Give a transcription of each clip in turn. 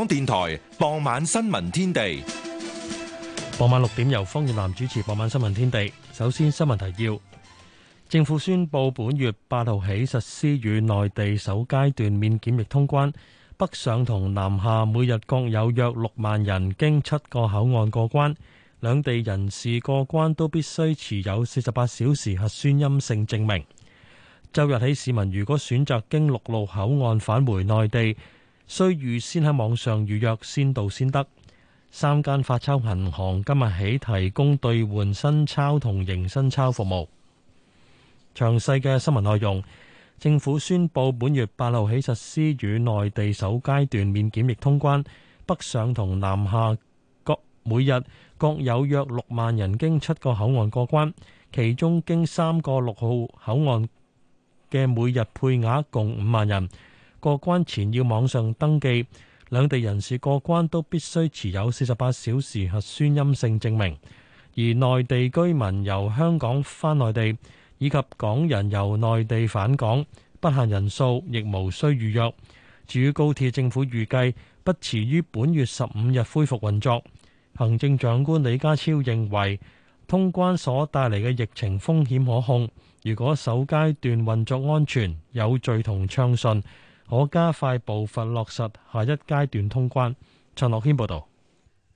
香港電台傍晚新聞天地，傍晚六點由方月南主持。傍晚新聞天地，首先新聞提要：政府宣布本月八號起實施與內地首階段免檢疫通關，北上同南下每日各有約六萬人經七個口岸過關，兩地人士過關都必須持有四十八小時核酸陰性證明。周日起市民如果選擇經陸路口岸返回內地。需預先喺網上預約先到先得。三間發鈔銀行今日起提供兌換新鈔同迎新鈔服務。詳細嘅新聞內容，政府宣布本月八號起實施與內地首階段免檢疫通關，北上同南下各每日各有約六萬人經七個口岸過關，其中經三個陸路口岸嘅每日配額共五萬人。過關前要網上登記，兩地人士過關都必須持有四十八小時核酸陰性證明。而內地居民由香港返內地，以及港人由內地返港，不限人數，亦無需預約。至於高鐵，政府預計不遲於本月十五日恢復運作。行政長官李家超認為，通關所帶嚟嘅疫情風險可控。如果首階段運作安全、有序同暢順，可加快步伐落實下一階段通關。陳樂軒報道，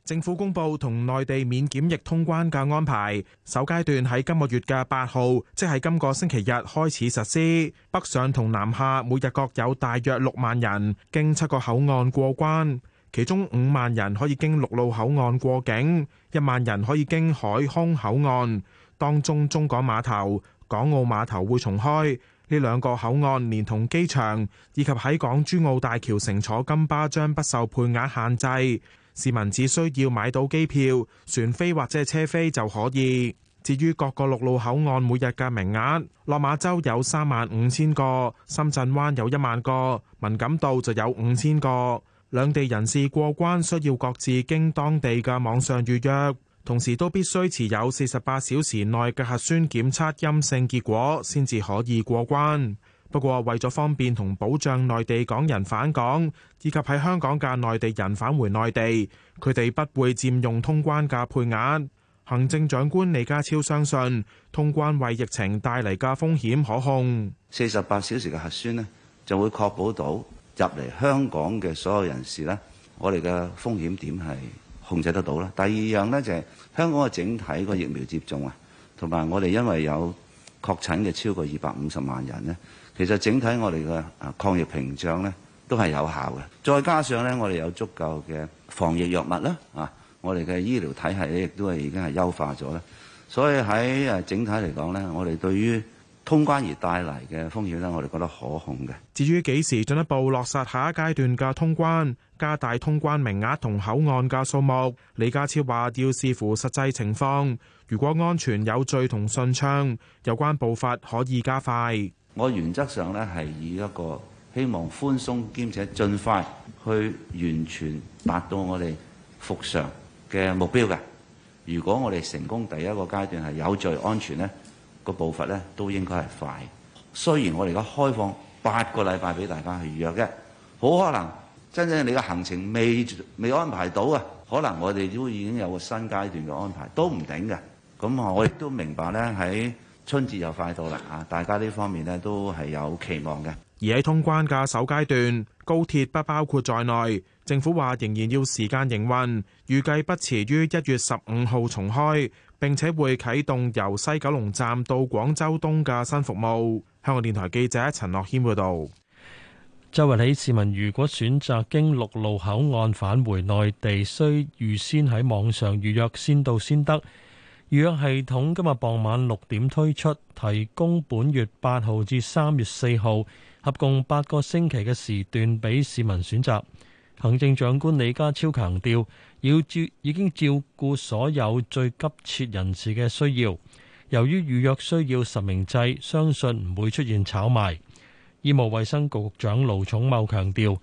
政府公布同內地免檢疫通關嘅安排，首階段喺今個月嘅八號，即係今個星期日開始實施。北上同南下每日各有大約六萬人經七個口岸過關，其中五萬人可以經陸路口岸過境，一萬人可以經海空口岸。當中，中港碼頭、港澳碼頭會重開。呢兩個口岸連同機場以及喺港珠澳大橋乘坐金巴將不受配額限制，市民只需要買到機票、船飛或者係車飛就可以。至於各個陸路口岸每日嘅名額，落馬洲有三萬五千個，深圳灣有一萬個，文錦渡就有五千個。兩地人士過關需要各自經當地嘅網上預約。同時都必須持有四十八小時內嘅核酸檢測陰性結果，先至可以過關。不過為咗方便同保障內地港人返港，以及喺香港嘅內地人返回內地，佢哋不會佔用通關嘅配額。行政長官李家超相信，通關為疫情帶嚟嘅風險可控。四十八小時嘅核酸呢，就會確保到入嚟香港嘅所有人士咧，我哋嘅風險點係控制得到啦。第二樣咧就係香港嘅整體個疫苗接種啊，同埋我哋因為有確診嘅超過二百五十萬人咧，其實整體我哋嘅啊抗疫屏障咧都係有效嘅。再加上咧我哋有足夠嘅防疫藥物啦，啊，我哋嘅醫療體系咧亦都係已經係優化咗啦。所以喺誒整體嚟講咧，我哋對於通關而帶嚟嘅風險咧，我哋覺得可控嘅。至於幾時進一步落實下一階段嘅通關，加大通關名額同口岸嘅數目，李家超話要視乎實際情況，如果安全有序同順暢，有關步伐可以加快。我原則上呢，係以一個希望寬鬆兼且盡快去完全達到我哋復常嘅目標嘅。如果我哋成功第一個階段係有序安全呢。個步伐咧都應該係快，雖然我哋而家開放八個禮拜俾大家去預約嘅，好可能真正你嘅行程未未安排到啊，可能我哋都已經有個新階段嘅安排，都唔定㗎。咁我亦都明白咧喺。春節又快到啦，嚇！大家呢方面咧都係有期望嘅。而喺通關嘅首階段，高鐵不包括在內。政府話仍然要時間營運，預計不遲於一月十五號重開。並且會啟動由西九龍站到廣州東嘅新服務。香港電台記者陳樂軒報導。周圍喺市民如果選擇經陸路口岸返回內地，需預先喺網上預約，先到先得。預約系統今日傍晚六點推出，提供本月八號至三月四號，合共八個星期嘅時段俾市民選擇。行政長官李家超強調，要照已經照顧所有最急切人士嘅需要。由於預約需要實名制，相信唔會出現炒賣。醫務衛生局局長盧寵茂強調，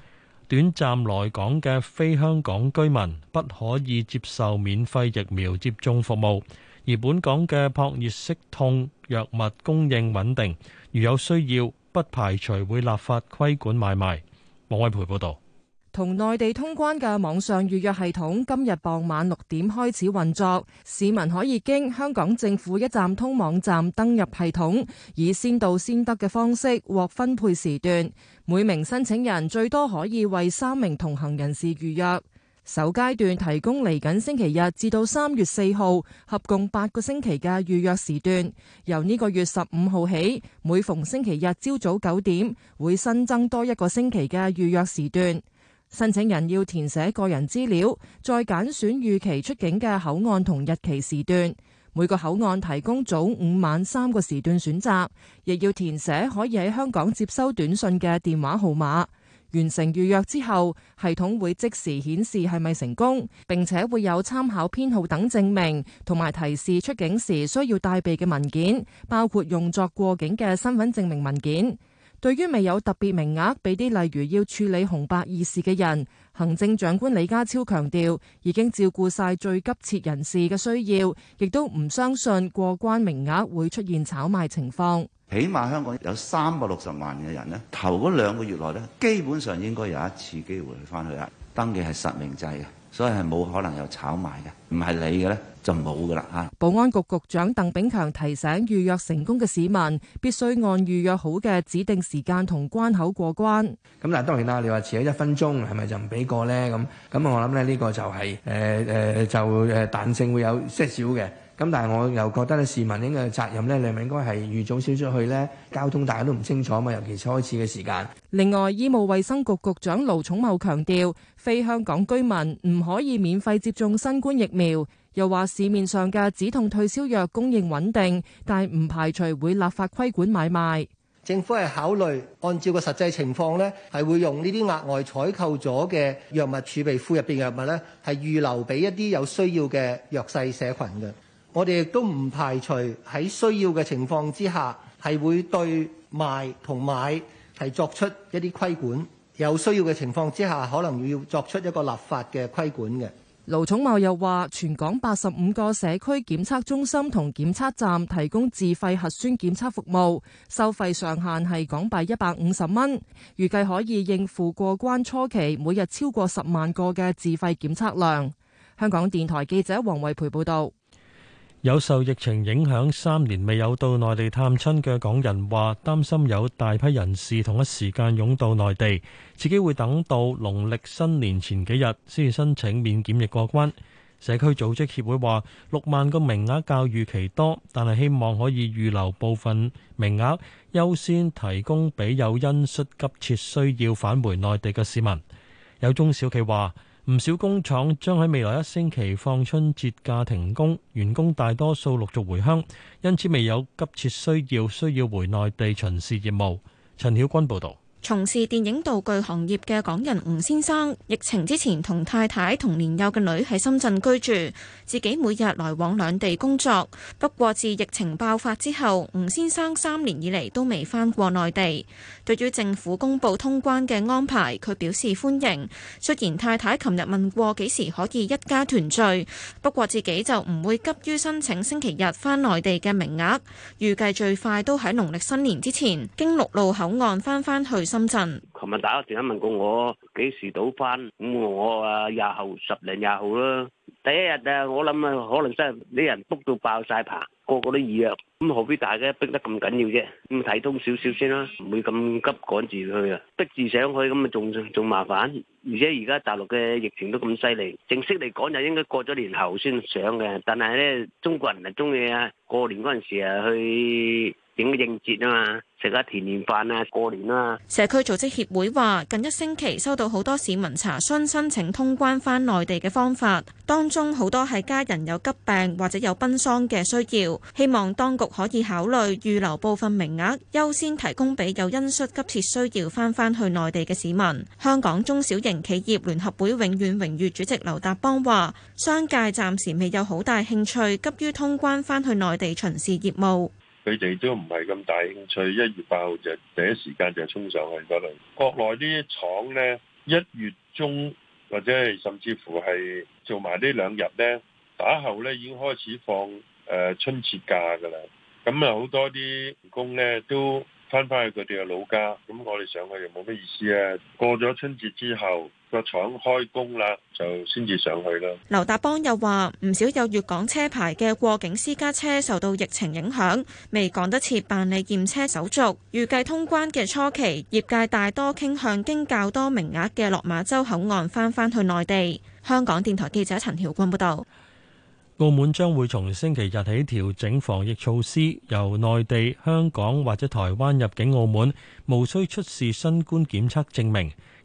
短暫來港嘅非香港居民不可以接受免費疫苗接種服務。而本港嘅撲熱息痛藥物供應穩定，如有需要，不排除會立法規管買賣。莫威培報道，同內地通關嘅網上預約系統今日傍晚六點開始運作，市民可以經香港政府一站通網站登入系統，以先到先得嘅方式獲分配時段。每名申請人最多可以為三名同行人士預約。首階段提供嚟緊星期日至到三月四號，合共八個星期嘅預約時段。由呢個月十五號起，每逢星期日朝早九點，會新增多一個星期嘅預約時段。申請人要填寫個人資料，再揀選預期出境嘅口岸同日期時段。每個口岸提供早午晚三個時段選擇，亦要填寫可以喺香港接收短信嘅電話號碼。完成預約之後，系統會即時顯示係咪成功，並且會有參考編號等證明，同埋提示出境時需要帶備嘅文件，包括用作過境嘅身份證明文件。對於未有特別名額俾啲，例如要處理紅白二事嘅人。行政長官李家超強調，已經照顧晒最急切人士嘅需要，亦都唔相信過關名額會出現炒賣情況。起碼香港有三百六十萬嘅人咧，頭嗰兩個月內咧，基本上應該有一次機會去返去啦。登記係實名制嘅。所以係冇可能又炒賣嘅，唔係你嘅咧就冇噶啦嚇。保安局局長鄧炳強提醒預約成功嘅市民，必須按預約好嘅指定時間同關口過關。咁嗱，係當然啦，你話遲咗一分鐘係咪就唔俾過咧？咁咁我諗咧，呢個就係誒誒就誒彈性會有些少嘅。咁但係我又覺得咧，市民應該責任咧，你係咪應該係預早少出去咧？交通大家都唔清楚嘛，尤其是開始嘅時間。另外，醫務衛生局局長盧寵茂，強調非香港居民唔可以免費接種新冠疫苗。又話市面上嘅止痛退燒藥供應穩定，但係唔排除會立法規管買賣。政府係考慮按照個實際情況咧，係會用呢啲額外採購咗嘅藥物儲備庫入邊嘅藥物咧，係預留俾一啲有需要嘅弱勢社群嘅。我哋亦都唔排除喺需要嘅情況之下，係會對賣同買係作出一啲規管。有需要嘅情況之下，可能要作出一個立法嘅規管嘅。盧寵茂又話全港八十五個社區檢測中心同檢測站提供自費核酸檢測服務，收費上限係港幣一百五十蚊，預計可以應付過關初期每日超過十萬個嘅自費檢測量。香港電台記者黃慧培報道。有受疫情影響三年未有到內地探親嘅港人話，擔心有大批人士同一時間湧到內地，自己會等到農曆新年前幾日先至申請免檢疫過關。社區組織協會話，六萬個名額較預期多，但係希望可以預留部分名額優先提供俾有恩恤急切需要返回內地嘅市民。有中小企話。唔少工廠將喺未來一星期放春節假停工，員工大多數陸續回鄉，因此未有急切需要需要回內地巡視業務。陳曉君報導，從事電影道具行業嘅港人吳先生，疫情之前同太太同年幼嘅女喺深圳居住，自己每日來往兩地工作。不過自疫情爆發之後，吳先生三年以嚟都未返過內地。對於政府公布通關嘅安排，佢表示歡迎。雖然太太琴日問過幾時可以一家團聚，不過自己就唔會急於申請星期日返內地嘅名額，預計最快都喺農曆新年之前，經陸路口岸返返去深圳。琴日打個電話問過我幾時到返，咁我話廿後十零廿號啦。第一日啊，我諗啊，可能真係啲人 book 到爆曬棚。個個都易啊，咁何必大家逼得咁緊要啫？咁睇通少少先啦，唔會咁急趕住去啊！逼住上去咁啊，仲仲麻煩，而且而家大陸嘅疫情都咁犀利，正式嚟講就應該過咗年後先上嘅。但係咧，中國人啊，中意啊，過年嗰陣時啊，去。應節啊嘛，食下團年飯啊，過年啊。社區組織協會話，近一星期收到好多市民查詢申請通關返內地嘅方法，當中好多係家人有急病或者有奔喪嘅需要，希望當局可以考慮預留部分名額，優先提供俾有恩恤急切需要翻返去內地嘅市民。香港中小型企業聯合會永遠榮譽主席劉達邦話，商界暫時未有好大興趣，急於通關返去內地巡視業務。佢哋都唔係咁大興趣，一月八號就第一時間就係衝上去嗰度。國內啲廠呢，一月中或者甚至乎係做埋呢兩日呢打後呢已經開始放誒、呃、春節假㗎啦。咁啊好多啲員工呢都翻返去佢哋嘅老家，咁我哋上去又冇咩意思啊。過咗春節之後，個廠開工啦，就先至上去啦。劉達邦又話：唔少有粵港車牌嘅過境私家車受到疫情影響，未趕得切辦理驗車手續。預計通關嘅初期，業界大多傾向經較多名額嘅落馬洲口岸返返去內地。香港電台記者陳曉君報道。澳門將會從星期日起調整防疫措施，由內地、香港或者台灣入境澳門，無需出示新冠檢測證明。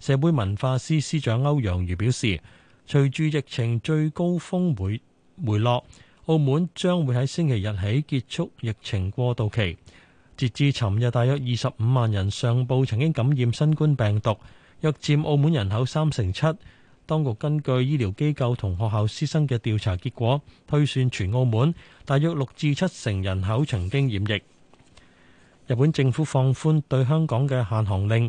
社會文化司司長歐陽瑜表示，隨住疫情最高峰回回落，澳門將會喺星期日起結束疫情過渡期。截至尋日，大約二十五萬人上報曾經感染新冠病毒，約佔澳門人口三成七。當局根據醫療機構同學校師生嘅調查結果，推算全澳門大約六至七成人口曾經染疫。日本政府放寬對香港嘅限航令。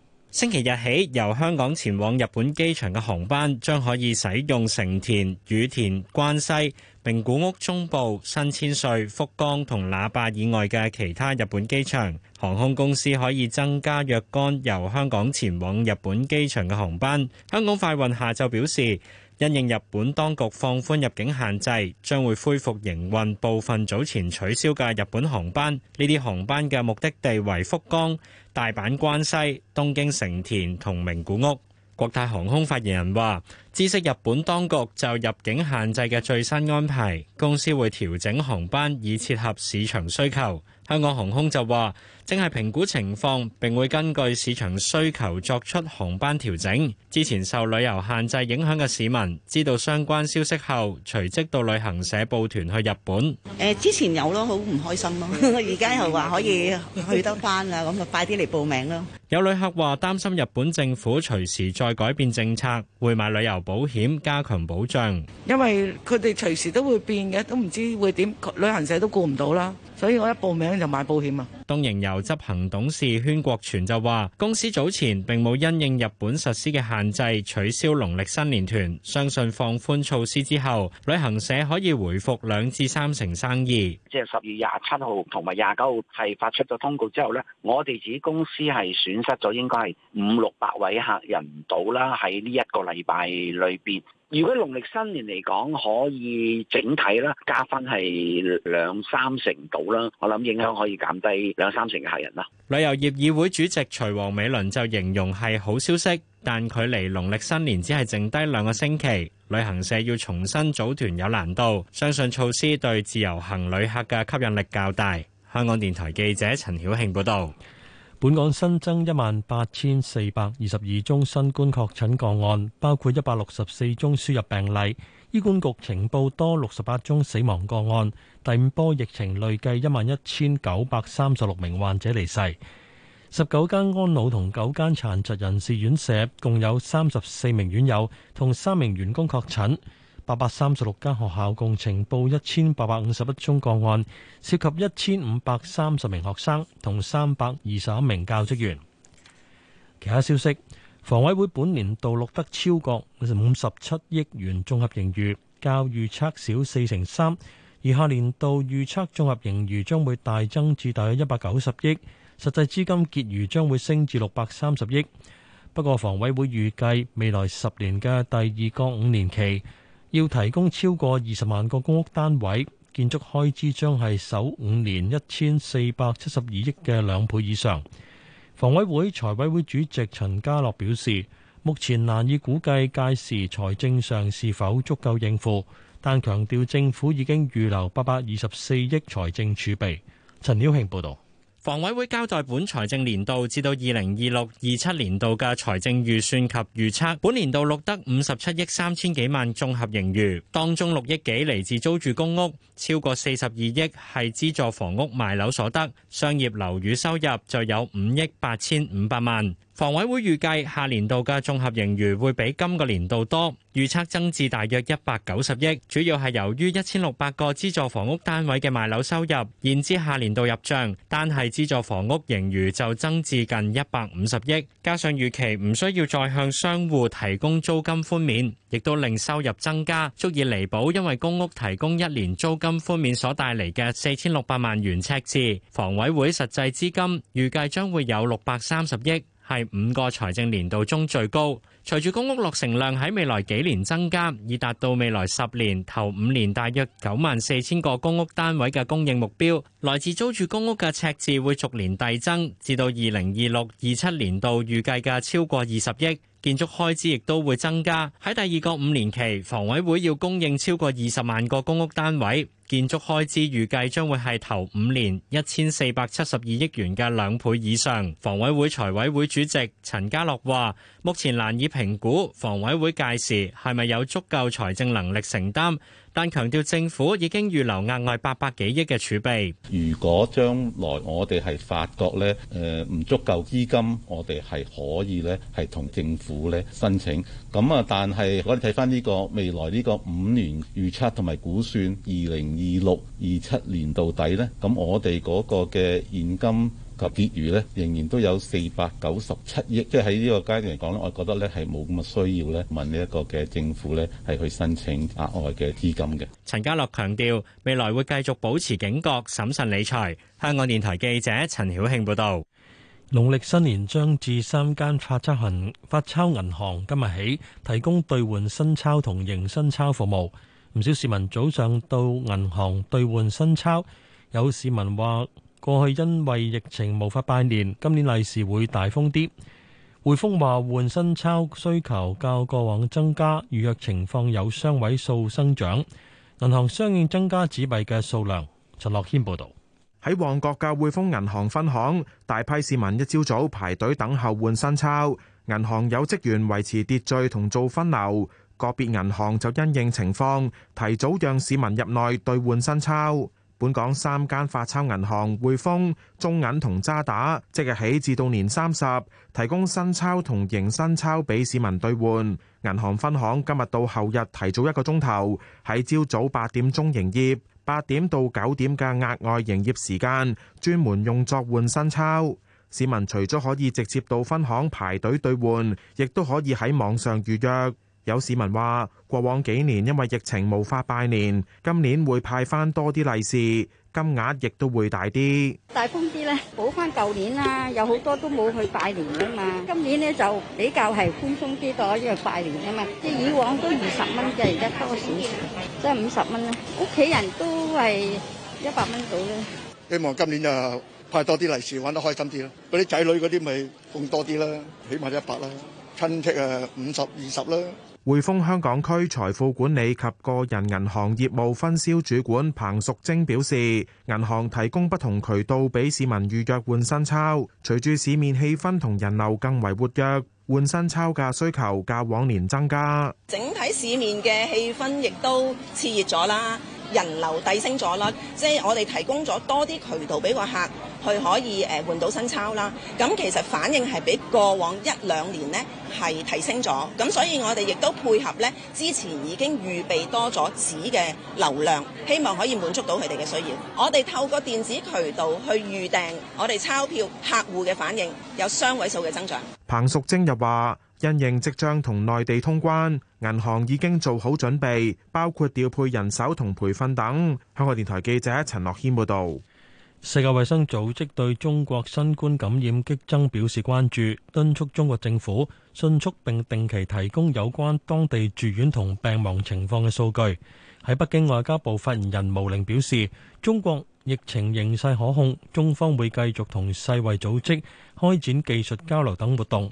星期日起由香港前往日本機場嘅航班將可以使用成田、羽田、關西、名古屋中部、新千歲、福岡同那霸以外嘅其他日本機場。航空公司可以增加若干由香港前往日本機場嘅航班。香港快運下晝表示，因應日本當局放寬入境限制，將會恢復營運部分早前取消嘅日本航班。呢啲航班嘅目的地為福岡、大阪關西、東京成田同名古屋。國泰航空發言人話，知悉日本當局就入境限制嘅最新安排，公司會調整航班以切合市場需求。香港航空就話：定係評估情況，並會根據市場需求作出航班調整。之前受旅遊限制影響嘅市民，知道相關消息後，隨即到旅行社報團去日本。誒，之前有咯，好唔開心咯。而家又話可以去得翻啦，咁就快啲嚟報名咯。有旅客話擔心日本政府隨時再改變政策，會買旅遊保險加強保障。因為佢哋隨時都會變嘅，都唔知會點。旅行社都顧唔到啦，所以我一報名就買保險啊。中盈遊執行董事宣國全就話：公司早前並冇因應日本實施嘅限制取消農曆新年團，相信放寬措施之後，旅行社可以回復兩至三成生意。即係十月廿七號同埋廿九號係發出咗通告之後呢，我哋自己公司係損失咗應該係五六百位客人唔到啦，喺呢一個禮拜裏邊。如果農曆新年嚟講，可以整體啦，加翻係兩三成度啦。我諗影響可以減低兩三成嘅客人啦。旅遊業議會主席徐王美倫就形容係好消息，但距離農曆新年只係剩低兩個星期，旅行社要重新組團有難度，相信措施對自由行旅客嘅吸引力較大。香港電台記者陳曉慶報道。本港新增一萬八千四百二十二宗新冠確診個案，包括一百六十四宗輸入病例。醫管局情報多六十八宗死亡個案。第五波疫情累計一萬一千九百三十六名患者離世。十九間安老同九間殘疾人士院舍共有三十四名院友同三名員工確診。八百三十六間學校共呈報一千八百五十一宗個案，涉及一千五百三十名學生同三百二十一名教職員。其他消息，房委會本年度錄得超過五十七億元綜合盈餘，較預測少四成三，而下年度預測綜合盈餘將會大增至大約一百九十億，實際資金結餘將會升至六百三十億。不過，房委會預計未來十年嘅第二個五年期，要提供超過二十萬個公屋單位，建築開支將係首五年一千四百七十二億嘅兩倍以上。房委會財委會主席陳家樂表示，目前難以估計屆時財政上是否足夠應付，但強調政府已經預留八百二十四億財政儲備。陳曉慶報導。房委會交代本財政年度至到二零二六二七年度嘅財政預算及預測，本年度錄得五十七億三千幾萬綜合盈餘，當中六億幾嚟自租住公屋，超過四十二億係資助房屋賣樓所得，商業樓宇收入就有五億八千五百萬。房委會預計下年度嘅綜合盈餘會比今個年，年度多，預測增至大約一百九十億，主要係由於一千六百個資助房屋單位嘅賣樓收入，現之下年度入賬，單係資助房屋盈餘就增至近一百五十億。加上預期唔需要再向商戶提供租金寬免，亦都令收入增加，足以彌補因為公屋提供一年租金寬免所帶嚟嘅四千六百萬元赤字。房委會實際資金預計將會有六百三十億。係五個財政年度中最高。隨住公屋落成量喺未來幾年增加，以達到未來十年頭五年大約九萬四千個公屋單位嘅供應目標。來自租住公屋嘅赤字會逐年遞增，至到二零二六、二七年度預計嘅超過二十億。建築開支亦都會增加。喺第二個五年期，房委會要供應超過二十萬個公屋單位，建築開支預計將會係頭五年一千四百七十二億元嘅兩倍以上。房委會財委會主席陳家樂話：目前難以評估房委會屆時係咪有足夠財政能力承擔。但強調政府已經預留額外八百幾億嘅儲備。如果將來我哋係發覺咧，誒、呃、唔足夠資金，我哋係可以咧係同政府咧申請。咁啊，但係我哋睇返呢個未來呢個五年預測同埋估算，二零二六、二七年到底咧，咁我哋嗰個嘅現金。就結餘呢，仍然都有四百九十七億，即係喺呢個階段嚟講呢，我覺得呢係冇咁嘅需要。呢問呢一個嘅政府呢，係去申請額外嘅資金嘅。陳家洛強調，未來會繼續保持警覺、審慎理財。香港電台記者陳曉慶報道：「農曆新年將至，三間發鈔行發鈔銀行今日起提供兌換新鈔同迎新鈔服務。唔少市民早上到銀行兌換新鈔，有市民話，過去因為疫情無法拜年，今年利是會大封啲。匯豐話換新鈔需求較過往增加，預約情況有雙位數增長，銀行相應增加紙幣嘅數量。陳樂謙報道。喺旺角嘅匯豐銀行分行，大批市民一朝早排隊等候換新鈔，銀行有職員維持秩序同做分流，個別銀行就因應情況提早讓市民入內兌換新鈔。本港三間發鈔銀行匯豐、中銀同渣打，即日起至到年三十，提供新鈔同迎新鈔俾市民兌換。銀行分行今日到後日提早一個鐘頭，喺朝早八點鐘營業，八點到九點嘅額外營業時間，專門用作換新鈔。市民除咗可以直接到分行排隊兌換，亦都可以喺網上預約。有市民話：過往幾年因為疫情無法拜年，今年會派翻多啲利是，金額亦都會大啲，大豐啲咧，補翻舊年啦。有好多都冇去拜年噶嘛，今年咧就比較係寬鬆啲多，因為拜年啊嘛。即係以往都二十蚊嘅，而家多少少，即係五十蚊啦。屋企人都係一百蚊到咧。希望今年就派多啲利是，玩得開心啲囉。嗰啲仔女嗰啲咪送多啲啦，起碼一百啦。親戚啊，五十二十啦。匯豐香港區財富管理及個人銀行業務分銷主管彭淑貞表示，銀行提供不同渠道俾市民預約換新鈔，隨住市面氣氛同人流更為活躍，換新鈔價需求較往年增加。整體市面嘅氣氛亦都熾熱咗啦。人流遞升咗啦，即係我哋提供咗多啲渠道俾個客，佢可以誒換到新鈔啦。咁其實反應係比過往一兩年咧係提升咗，咁所以我哋亦都配合咧之前已經預備多咗紙嘅流量，希望可以滿足到佢哋嘅需要。我哋透過電子渠道去預訂我哋鈔票，客戶嘅反應有雙位數嘅增長，彭淑貞又話。因應即將同內地通關，銀行已經做好準備，包括調配人手同培訓等。香港電台記者陳樂軒報導。世界衛生組織對中國新冠感染激增表示關注，敦促中國政府迅速並定期提供有關當地住院同病亡情況嘅數據。喺北京外交部發言人毛寧表示，中國疫情形勢可控，中方會繼續同世衛組織開展技術交流等活動。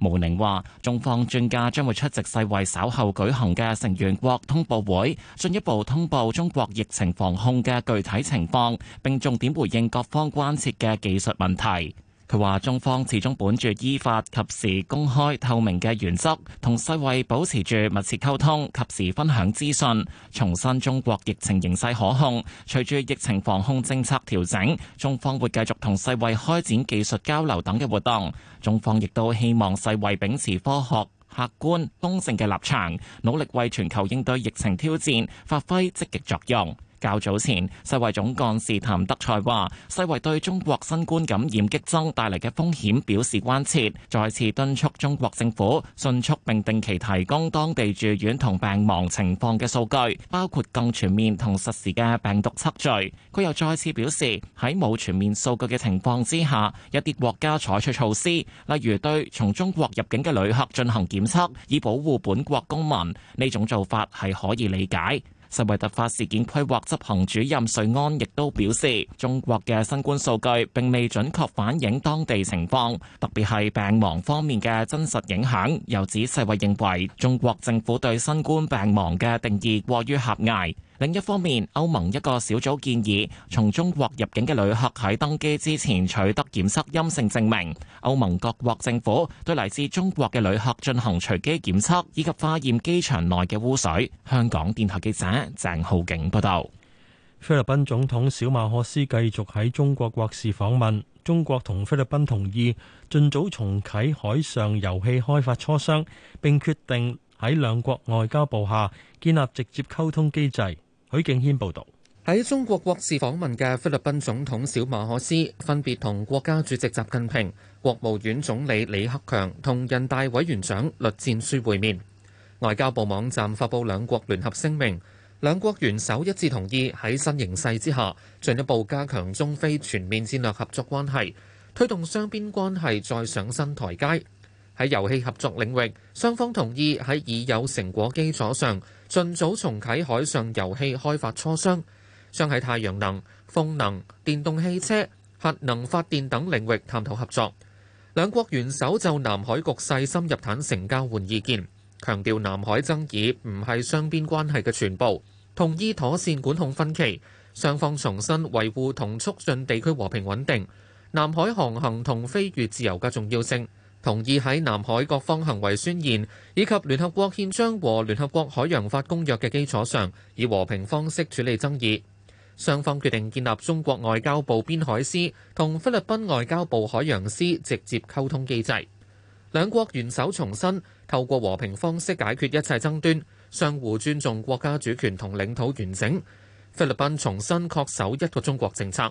毛寧話：中方專家將會出席世衛稍後舉行嘅成員國通報會，進一步通報中國疫情防控嘅具體情況，並重點回應各方關切嘅技術問題。佢話：中方始終本住依法、及時、公開、透明嘅原則，同世衛保持住密切溝通，及時分享資訊，重申中國疫情形勢可控。隨住疫情防控政策調整，中方會繼續同世衛開展技術交流等嘅活動。中方亦都希望世衛秉持科學、客觀、公正嘅立場，努力為全球應對疫情挑戰發揮積極作用。較早前，世衛總幹事譚德塞話，世衛對中國新冠感染激增帶嚟嘅風險表示關切，再次敦促中國政府迅速並定期提供當地住院同病亡情況嘅數據，包括更全面同實時嘅病毒測序。佢又再次表示，喺冇全面數據嘅情況之下，一啲國家採取措施，例如對從中國入境嘅旅客進行檢測，以保護本國公民，呢種做法係可以理解。世衛突發事件規劃執行主任瑞安亦都表示，中國嘅新冠數據並未準確反映當地情況，特別係病亡方面嘅真實影響。又指世衛認為中國政府對新冠病亡嘅定義過於狹隘。另一方面，歐盟一個小組建議，從中國入境嘅旅客喺登機之前取得檢測陰性證明。歐盟各國政府對嚟自中國嘅旅客進行隨機檢測，以及化驗機場內嘅污水。香港電台記者鄭浩景報道。菲律賓總統小馬可斯繼續喺中國國事訪問。中國同菲律賓同意儘早重啟海上油氣開發磋商，並決定喺兩國外交部下建立直接溝通機制。許敬軒報道，喺中國國事訪問嘅菲律賓總統小馬可斯，分別同國家主席習近平、國務院總理李克強同人大委員長栗戰書會面。外交部網站發布兩國聯合聲明，兩國元首一致同意喺新形勢之下，進一步加強中菲全面戰略合作關係，推動雙邊關係再上新台階。喺油氣合作領域，雙方同意喺已有成果基礎上。盡早重啟海上油氣開發磋商，將喺太陽能、風能、電動汽車、核能發電等領域探討合作。兩國元首就南海局勢深入坦誠交換意見，強調南海爭議唔係雙邊關係嘅全部，同意妥善管控分歧。雙方重申維護同促進地區和平穩定、南海航行同飛越自由嘅重要性。同意喺南海各方行為宣言以及聯合國憲章和聯合國海洋法公約嘅基礎上，以和平方式處理爭議。雙方決定建立中國外交部邊海司同菲律賓外交部海洋司直接溝通機制。兩國元首重申透過和平方式解決一切爭端，相互尊重國家主權同領土完整。菲律賓重申恪守一個中國政策。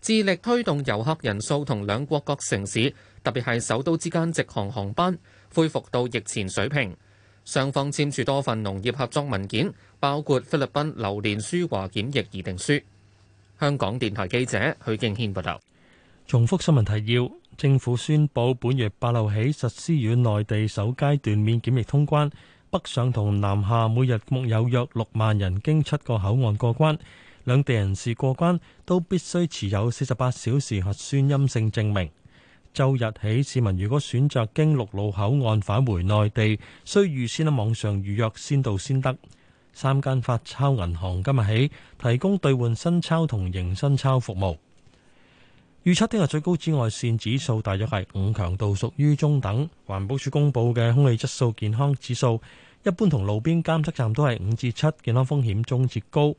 致力推動遊客人數同兩國各城市，特別係首都之間直航航班恢復到疫前水平。雙方簽署多份農業合作文件，包括菲律賓榴蓮輸華檢疫議定書。香港電台記者許敬軒報道。重複新聞提要：政府宣布本月八號起實施與內地首階段免檢疫通關，北上同南下每日共有約六萬人經七個口岸過關。兩地人士過關都必須持有四十八小時核酸陰性證明。周日起，市民如果選擇經陸路口岸返回內地，需預先喺網上預約先到先得。三間發鈔銀行今日起提供兌換新鈔同迎新鈔服務。預測聽日最高紫外線指數大約係五強度，屬於中等。環保署公布嘅空氣質素健康指數，一般同路邊監測站都係五至七，健康風險中至高。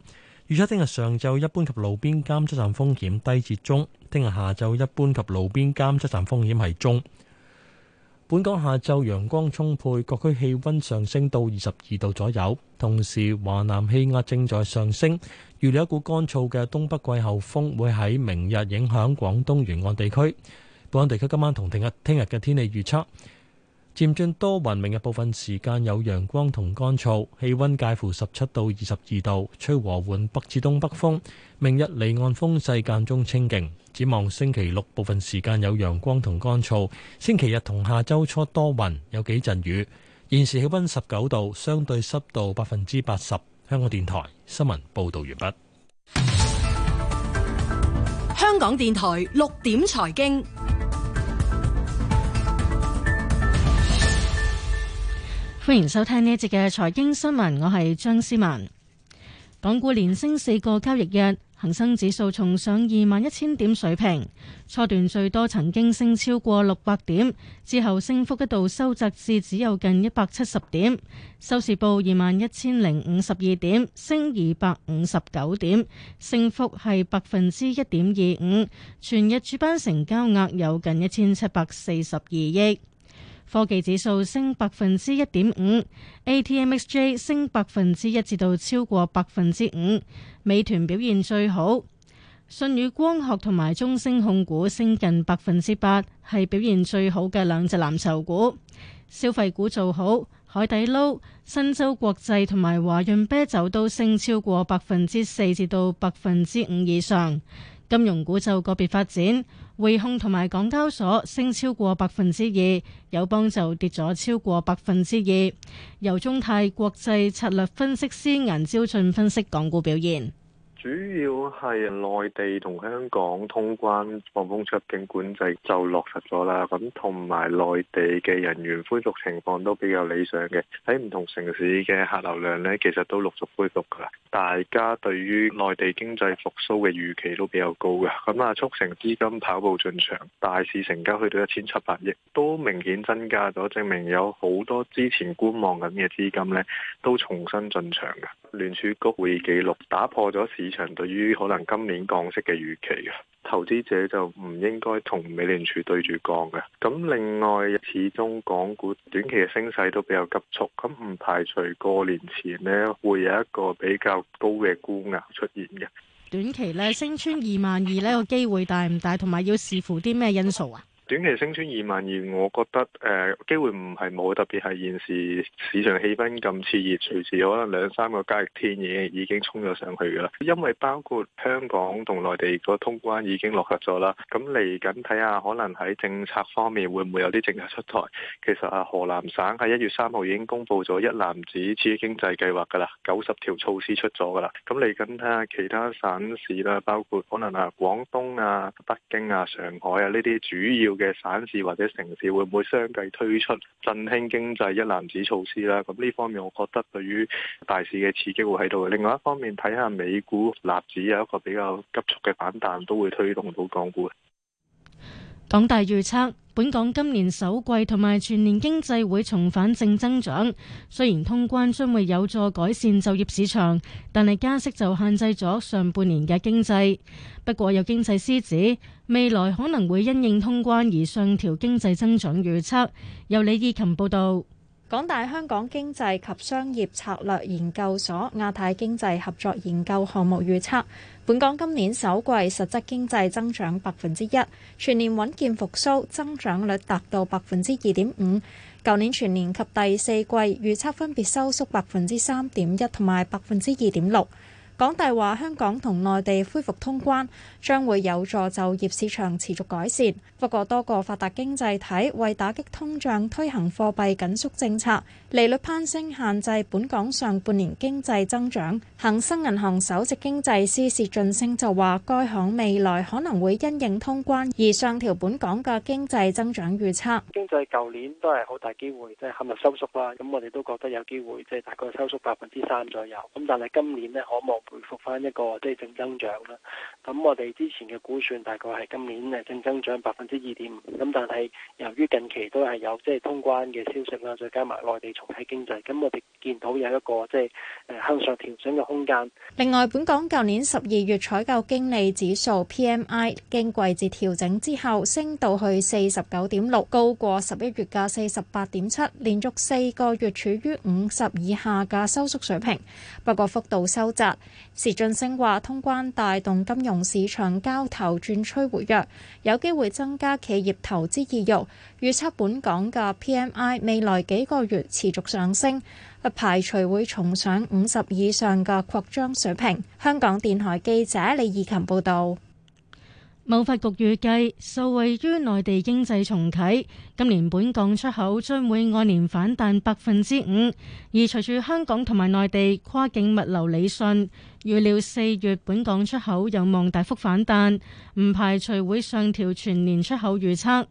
預測聽日上晝一般及路邊監測站風險低至中，聽日下晝一般及路邊監測站風險係中。本港下晝陽光充沛，各區氣溫上升到二十二度左右。同時，華南氣壓正在上升，預料一股乾燥嘅東北季候風會喺明日影響廣東沿岸地區。本港地區今晚同聽日聽日嘅天氣預測。漸轉多雲，明日部分時間有陽光同乾燥，氣溫介乎十七到二十二度，吹和緩北至東北風。明日離岸風勢間中清勁，展望星期六部分時間有陽光同乾燥，星期日同下周初多雲，有幾陣雨。現時氣溫十九度，相對濕度百分之八十。香港電台新聞報道完畢。香港電台六點財經。歡迎收聽呢一節嘅財經新聞，我係張思文。港股連升四個交易日，恒生指數重上二萬一千點水平，初段最多曾經升超過六百點，之後升幅一度收窄至只有近一百七十點，收市報二萬一千零五十二點，升二百五十九點，升幅係百分之一點二五，全日主板成交額有近一千七百四十二億。科技指數升百分之一點五，ATMXJ 升百分之一至到超過百分之五。美團表現最好，信宇光學同埋中升控股升近百分之八，係表現最好嘅兩隻藍籌股。消費股做好，海底撈、新洲國際同埋華潤啤酒都升超過百分之四至到百分之五以上。金融股就個別發展。匯控同埋港交所升超過百分之二，友邦就跌咗超過百分之二。由中泰國際策略分析師顏朝俊分析港股表現。主要係內地同香港通關放風出境管制就落實咗啦，咁同埋內地嘅人員恢復情況都比較理想嘅，喺唔同城市嘅客流量呢，其實都陸續恢復㗎。大家對於內地經濟復甦嘅預期都比較高嘅，咁啊促成資金跑步進場，大市成交去到一千七百億，都明顯增加咗，證明有好多之前觀望緊嘅資金呢，都重新進場嘅。聯儲局會議記錄打破咗市場對於可能今年降息嘅預期嘅，投資者就唔應該同美聯儲對住降嘅。咁另外，始終港股短期嘅升勢都比較急促，咁唔排除過年前呢會有一個比較高嘅沽壓出現嘅。短期咧升穿二萬二呢個機會大唔大？同埋要視乎啲咩因素啊？短期升穿二萬二，我覺得誒、呃、機會唔係冇，特別係現時市場氣氛咁熾熱，隨時可能兩三個交易天已經已經衝咗上去噶啦。因為包括香港同內地個通關已經落實咗啦，咁嚟緊睇下看看可能喺政策方面會唔會有啲政策出台。其實啊，河南省喺一月三號已經公布咗一攬子刺激經濟計劃噶啦，九十條措施出咗噶啦。咁嚟緊睇下、啊、其他省市啦、啊，包括可能啊廣東啊、北京啊、上海啊呢啲主要。嘅省市或者城市會唔會相繼推出振興經濟一攬子措施啦？咁呢方面，我覺得對於大市嘅刺激會喺度。另外一方面，睇下美股納指有一個比較急速嘅反彈，都會推動到港股。港大預測，本港今年首季同埋全年經濟會重返正增長。雖然通關將會有助改善就業市場，但係加息就限制咗上半年嘅經濟。不過有經濟師指，未來可能會因應通關而上調經濟增長預測。由李義琴報導。港大香港經濟及商業策略研究所亞太經濟合作研究項目預測，本港今年首季實質經濟增長百分之一，全年穩健復甦，增長率達到百分之二點五。舊年全年及第四季預測分別收縮百分之三點一同埋百分之二點六。港大話：香港同內地恢復通關，將會有助就業市場持續改善。不過，多個發達經濟體為打擊通脹，推行貨幣緊縮政策。利率攀升限制本港上半年經濟增長，恒生銀行首席經濟師薛俊升就話，該行未來可能會因應通關而上調本港嘅經濟增長預測。經濟舊年都係好大機會即係陷入收縮啦。咁我哋都覺得有機會，即係大概收縮百分之三左右。咁但係今年咧，可望回復翻一個即係正增長啦。咁、嗯、我哋之前嘅估算大概係今年係正增長百分之二點五，咁、嗯、但係由於近期都係有即係、就是、通關嘅消息啦，再加埋內地重啟經濟，咁、嗯、我哋。見到有一個即係誒向上調整嘅空間。另外，本港舊年十二月採購經理指數 PMI 經季節調整之後，升到去四十九點六，高過十一月嘅四十八點七，連續四個月處於五十以下嘅收縮水平。不過幅度收窄。時俊升話：通關帶動金融市場交投轉趨活躍，有機會增加企業投資意欲。預測本港嘅 PMI 未來幾個月持續上升。不排除會重上五十以上嘅擴張水平。香港電台記者李義琴報導。貿發局預計受惠於內地經濟重啟，今年本港出口將會按年反彈百分之五，而隨住香港同埋內地跨境物流理順，預料四月本港出口有望大幅反彈，唔排除會上調全年出口預測。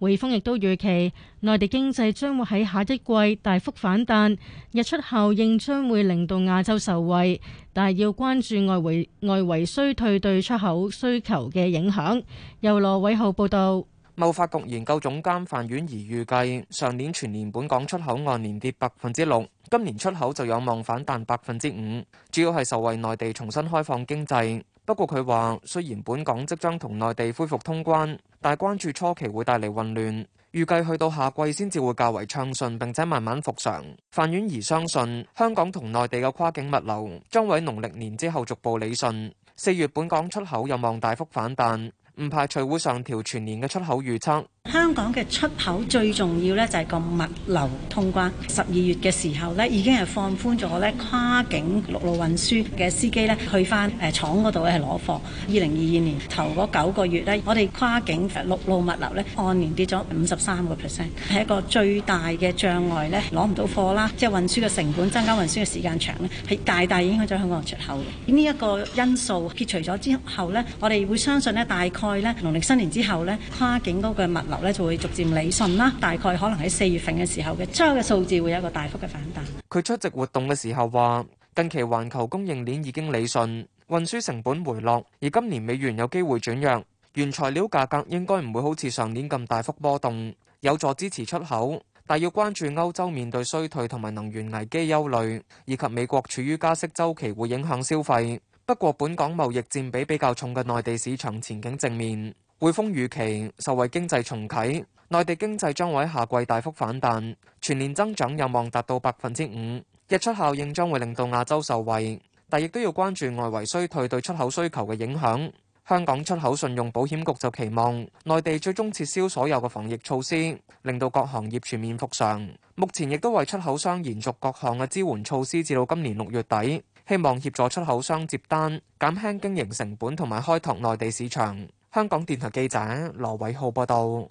匯豐亦都預期，內地經濟將會喺下一季大幅反彈，日出效應將會令到亞洲受惠，但係要關注外圍外圍衰退對出口需求嘅影響。由羅偉浩報道。貿發局研究總監范婉儀預計，上年全年本港出口按年跌百分之六，今年出口就有望反彈百分之五，主要係受惠內地重新開放經濟。不過佢話，雖然本港即將同內地恢復通關，但關注初期會帶嚟混亂，預計去到夏季先至會較為暢順，並且慢慢復常。范婉儀相信，香港同內地嘅跨境物流將喺農曆年之後逐步理順。四月本港出口有望大幅反彈，唔排除會上調全年嘅出口預測。香港嘅出口最重要呢就係個物流通關，十二月嘅時候呢已經係放寬咗咧跨境陸路運輸嘅司機呢去翻誒廠嗰度係攞貨，二零二二年頭嗰九個月咧，我哋跨境陸路物流咧按年跌咗五十三個 percent，係一個最大嘅障礙咧攞唔到貨啦，即係運輸嘅成本增加、運輸嘅時間長咧，係大大影響咗香港嘅出口嘅。呢一個因素撇除咗之後咧，我哋會相信咧大概咧農曆新年之後咧跨境嗰個物流。咧就會逐漸理順啦，大概可能喺四月份嘅時候嘅出口嘅數字會有一個大幅嘅反彈。佢出席活動嘅時候話：近期環球供應鏈已經理順，運輸成本回落，而今年美元有機會轉弱，原材料價格應該唔會好似上年咁大幅波動，有助支持出口。但要關注歐洲面對衰退同埋能源危機憂慮，以及美國處於加息週期會影響消費。不過本港貿易佔比比較重嘅內地市場前景正面。匯豐預期受惠經濟重啟，內地經濟將會喺下季大幅反彈，全年增長有望達到百分之五。溢出效應將會令到亞洲受惠，但亦都要關注外圍衰退對出口需求嘅影響。香港出口信用保險局就期望內地最終撤銷所有嘅防疫措施，令到各行業全面復常。目前亦都為出口商延續各項嘅支援措施，至到今年六月底，希望協助出口商接單，減輕經營成本，同埋開拓內地市場。香港電台記者羅偉浩報道：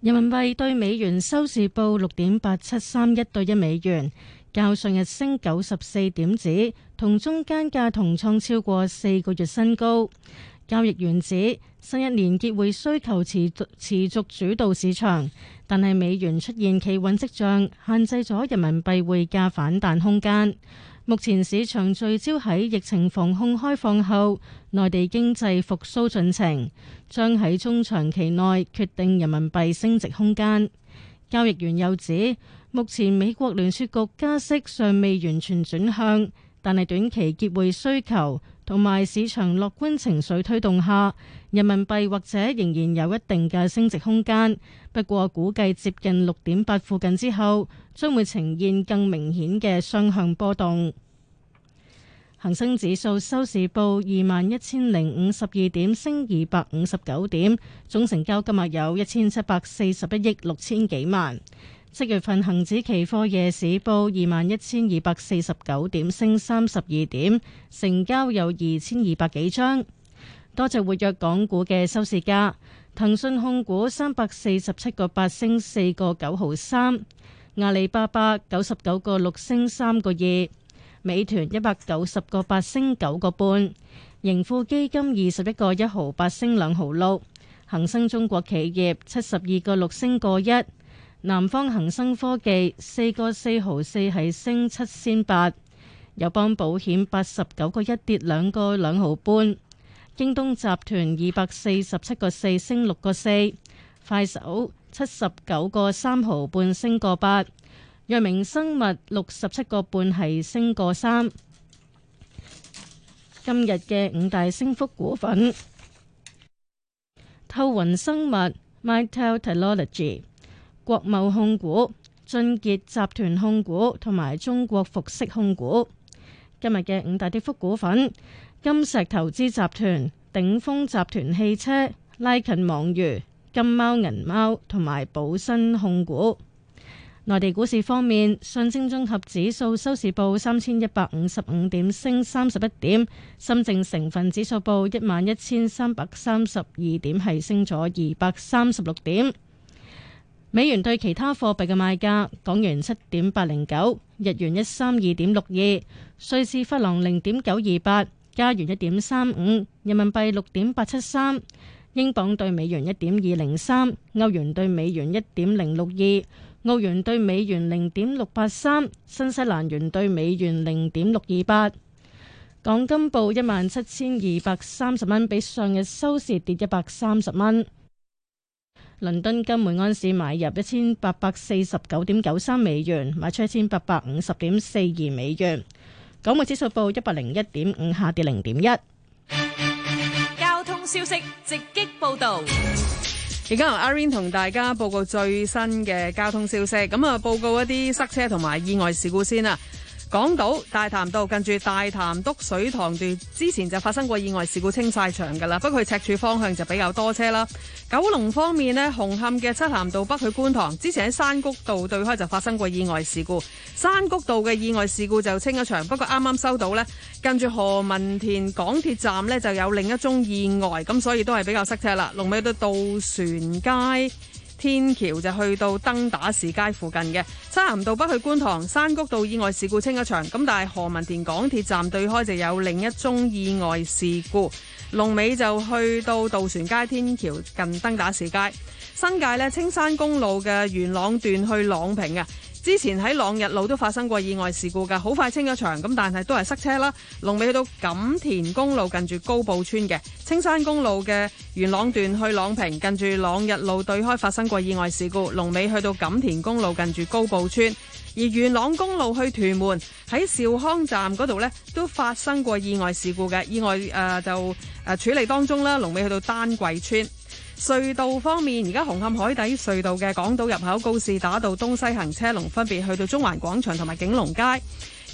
人民幣對美元收市報六點八七三一對一美元，較上日升九十四點子，同中間價同創超過四個月新高。交易員指新一年結匯需求持續持續主導市場，但係美元出現企穩跡象，限制咗人民幣匯價反彈空間。目前市場聚焦喺疫情防控開放後，內地經濟復甦進程將喺中長期內決定人民幣升值空間。交易員又指，目前美國聯儲局加息尚未完全轉向，但係短期結匯需求。同埋市場樂觀情緒推動下，人民幣或者仍然有一定嘅升值空間。不過估計接近六點八附近之後，將會呈現更明顯嘅雙向波動。恒生指數收市報二萬一千零五十二點，升二百五十九點，總成交金額有一千七百四十一億六千幾萬。七月份恒指期貨夜市報二萬一千二百四十九點，升三十二點，成交有二千二百幾張。多隻活躍港股嘅收市價：騰訊控股三百四十七個八，升四個九毫三；阿里巴巴九十九個六，升三個二；美團一百九十個八，升九個半；盈富基金二十一個一毫八，升兩毫六；恒生中國企業七十二個六，升個一。南方恒生科技四個四毫四係升七仙八，友邦保險八十九個一，跌兩個兩毫半，京東集團二百四十七個四，升六個四，快手七十九個三毫半，升個八，藥明生物六十七個半係升個三。今日嘅五大升幅股份：透雲生物 （Mytel Technology）。國貿控股、俊傑集團控股同埋中國服飾控股。今日嘅五大跌幅股份：金石投資集團、鼎豐集團汽車、拉近網娛、金貓銀貓同埋寶新控股。內地股市方面，上證綜合指數收市報三千一百五十五點，升三十一點；深證成分指數報一萬一千三百三十二點，係升咗二百三十六點。美元對其他貨幣嘅賣價：港元七點八零九，日元一三二點六二，瑞士法郎零點九二八，加元一點三五，人民幣六點八七三，英鎊對美元一點二零三，歐元對美元一點零六二，澳元對美元零點六八三，新西蘭元對美元零點六二八。港金報一萬七千二百三十蚊，比上日收市跌一百三十蚊。倫敦金每安士買入一千八百四十九點九三美元，賣出一千八百五十點四二美元。港匯指數報一百零一點五，下跌零點一。交通消息直擊報道，而家由阿 Win 同大家報告最新嘅交通消息。咁啊，報告一啲塞車同埋意外事故先啊。港島大潭道近住大潭篤水塘段，之前就發生過意外事故清晒場噶啦，不過佢赤柱方向就比較多車啦。九龍方面呢，紅磡嘅漆咸道北去觀塘，之前喺山谷道對開就發生過意外事故，山谷道嘅意外事故就清咗場，不過啱啱收到呢，近住何文田港鐵站呢就有另一宗意外，咁所以都係比較塞車啦。龍尾都到渡船街，天橋就去到登打士街附近嘅，漆咸道北去觀塘，山谷道意外事故清一場，咁但係何文田港鐵站對開就有另一宗意外事故，龍尾就去到渡船街天橋近登打士街，新界呢，青山公路嘅元朗段去朗屏。嘅。之前喺朗日路都發生過意外事故㗎，好快清咗場，咁但係都係塞車啦。龍尾去到錦田公路近住高埔村嘅青山公路嘅元朗段去朗屏，近住朗日路對開發生過意外事故，龍尾去到錦田公路近住高埔村。而元朗公路去屯門喺兆康站嗰度呢，都發生過意外事故嘅意外誒、呃、就誒處理當中啦，龍尾去到丹桂村。隧道方面，而家紅磡海底隧道嘅港島入口告士打道東西行車龍分別去到中環廣場同埋景隆街，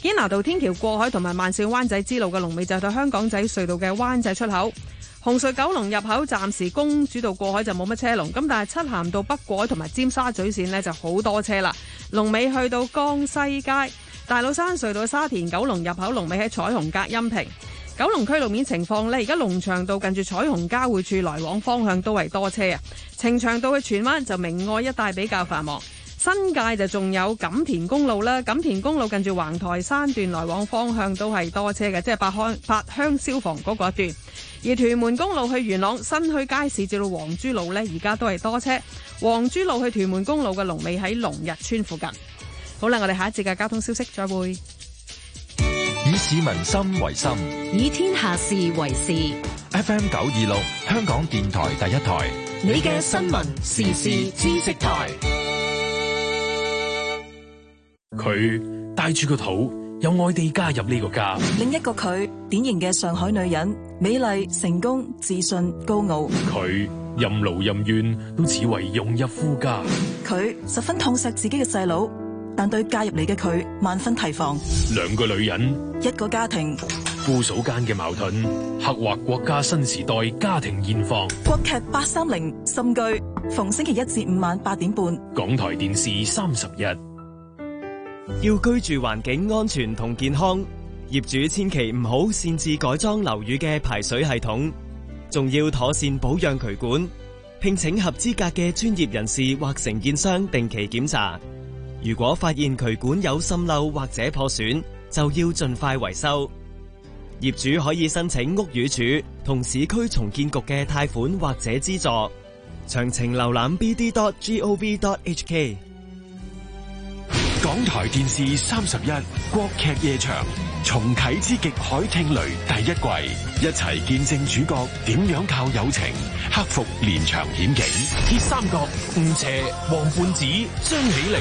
堅拿道天橋過海同埋萬勝灣仔支路嘅龍尾就到香港仔隧道嘅灣仔出口。紅隧九龍入口暫時公主道過海就冇乜車龍，咁但係漆咸道北過海同埋尖沙咀線呢就好多車啦。龍尾去到江西街，大老山隧道沙田九龍入口龍尾喺彩虹隔音屏。九龍區路面情況呢，而家龍翔道近住彩虹交匯處來往方向都係多車啊。呈祥道去荃灣就明愛一帶比較繁忙，新界就仲有錦田公路啦。錦田公路近住橫台山段來往方向都係多車嘅，即係八鄉，八鄉消防局嗰一段。而屯門公路去元朗新墟街市至到黃珠路呢，而家都係多車。黃珠路去屯門公路嘅龍尾喺龍日村附近。好啦，我哋下一節嘅交通消息，再會。以市民心為心，以天下事為事。FM 九二六，香港電台第一台，你嘅新聞時事知識台。佢帶住個肚，由外地加入呢個家。另一個佢，典型嘅上海女人，美麗、成功、自信、高傲。佢任勞任怨，都只為融入夫家。佢十分痛錫自己嘅細佬。但對加入你嘅佢萬分提防。兩個女人，一個家庭，姑嫂間嘅矛盾，刻畫國家新時代家庭現況。國劇八三零新居，逢星期一至五晚八點半。港台電視三十日。要居住環境安全同健康，業主千祈唔好擅自改裝樓宇嘅排水系統，仲要妥善保養渠管，聘請合資格嘅專業人士或承建商定期檢查。如果發現渠管有滲漏或者破損，就要盡快維修。業主可以申請屋宇署同市區重建局嘅貸款或者資助，詳情瀏覽 bd.gov.hk dot dot。港台電視三十一，國劇夜場重啟之極海聽雷第一季，一齊見證主角點樣靠友情克服連場險境。鐵三角吳邪、王胖子、張起靈。